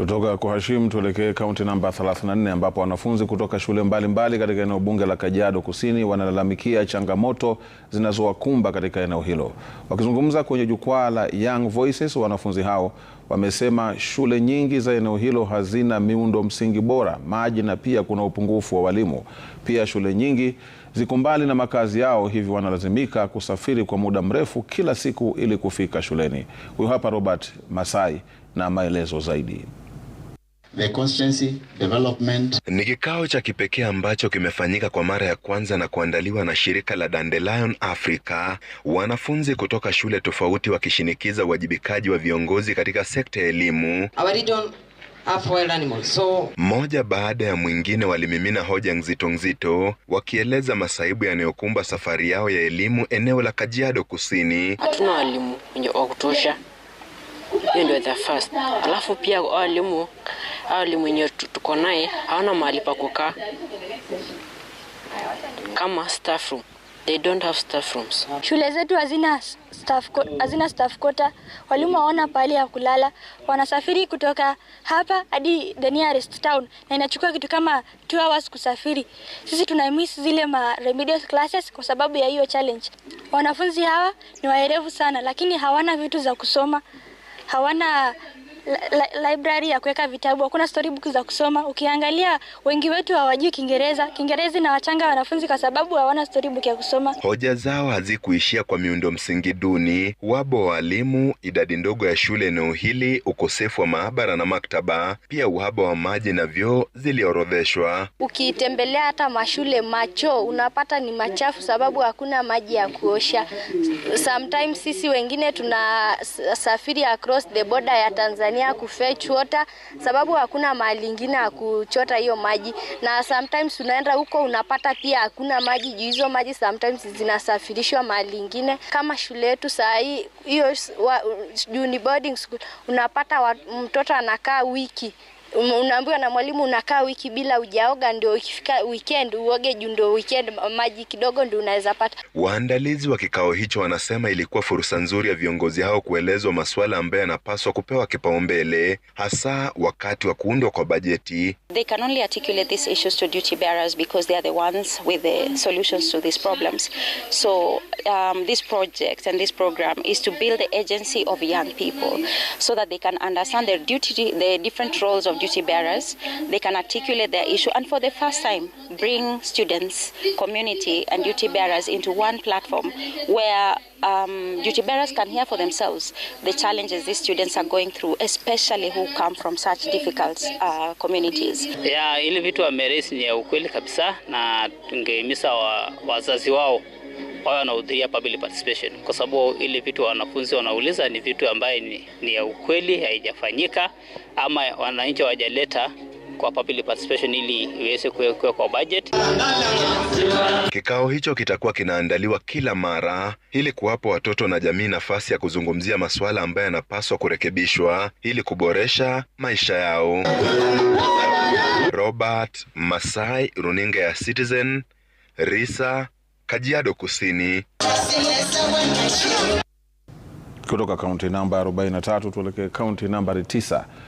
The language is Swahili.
Kutoka kwa Hashim tuelekee kaunti namba 34 ambapo wanafunzi kutoka shule mbalimbali katika eneo bunge la Kajiado Kusini wanalalamikia changamoto zinazowakumba katika eneo hilo. Wakizungumza kwenye jukwaa la Young Voices, wanafunzi hao wamesema shule nyingi za eneo hilo hazina miundo msingi bora, maji na pia kuna upungufu wa walimu. Pia shule nyingi ziko mbali na makazi yao, hivyo wanalazimika kusafiri kwa muda mrefu kila siku ili kufika shuleni. Huyu hapa Robert Masai na maelezo zaidi. The development. Ni kikao cha kipekee ambacho kimefanyika kwa mara ya kwanza na kuandaliwa na shirika la Dandelion Africa, wanafunzi kutoka shule tofauti wakishinikiza uwajibikaji wa viongozi katika sekta ya elimu. Mmoja So... baada ya mwingine walimimina hoja nzito nzito wakieleza masaibu yanayokumba safari yao ya elimu eneo la Kajiado Kusini. Hatuna walimu wa kutosha, hiyo ndio the first. Alafu pia walimu ali mwenye tuko naye hawana mahali pa kukaa kama staff room. They don't have staff rooms. Shule zetu hazina staff, hazina staff kota. Walimu waona pahali ya kulala, wanasafiri kutoka hapa hadi the nearest town, na inachukua kitu kama 2 hours kusafiri. Sisi tunamiss zile ma remedial classes kwa sababu ya hiyo challenge. Wanafunzi hawa ni waerevu sana, lakini hawana vitu za kusoma, hawana la, library ya kuweka vitabu, hakuna storybook za kusoma. Ukiangalia wengi wetu hawajui Kiingereza, Kiingereza na wachanga wanafunzi kwa sababu hawana storybook ya kusoma. Hoja zao hazikuishia kwa miundo msingi duni, wabo wa walimu, idadi ndogo ya shule eneo hili, ukosefu wa maabara na maktaba, pia uhaba wa maji na vyoo ziliorodheshwa. Ukitembelea hata mashule macho unapata ni machafu sababu hakuna maji ya kuosha. Sometimes sisi wengine tunasafiri across the border ya Tanzania kutumia kufetch water sababu hakuna mahali ingine ya kuchota hiyo maji, na sometimes unaenda huko unapata pia hakuna maji juu hizo maji sometimes zinasafirishwa mahali ingine. Kama shule yetu saa hii hiyo juu ni boarding school, unapata wa, mtoto anakaa wiki unaambiwa na mwalimu unakaa wiki bila ujaoga, ndio ikifika weekend uoge juu ndio weekend maji kidogo ndio unaweza pata. Waandalizi wa kikao hicho wanasema ilikuwa fursa nzuri ya viongozi hao kuelezwa masuala ambayo yanapaswa kupewa kipaumbele hasa wakati wa kuundwa kwa bajeti. They can only articulate these issues to duty bearers because they are the ones with the solutions to these problems. So um, this project and this program is to build the agency of young people so that they can understand their duty, the different roles of duty bearers. They can articulate their issue and for the first time bring students, community, and duty bearers into one platform where um, duty bearers can hear for themselves the challenges these students are going through, especially who come from such difficult uh, communities. Yeah, ili vitu wameresi ni ya ukweli kabisa na tungehimiza wazazi wao wawe wanahudhuria public participation, kwa sababu ile vitu wanafunzi wanauliza ni vitu ambaye ni, ni ya ukweli haijafanyika ama wananchi hawajaleta kwa public participation ili iweze kuwekwa kwa budget. Kikao hicho kitakuwa kinaandaliwa kila mara ili kuwapa watoto na jamii nafasi ya kuzungumzia masuala ambayo yanapaswa kurekebishwa ili kuboresha maisha yao. Robert Masai, runinga ya Citizen, Risa Kajiado Kusini. Kutoka kaunti namba 43 tuelekee kaunti nambari 9.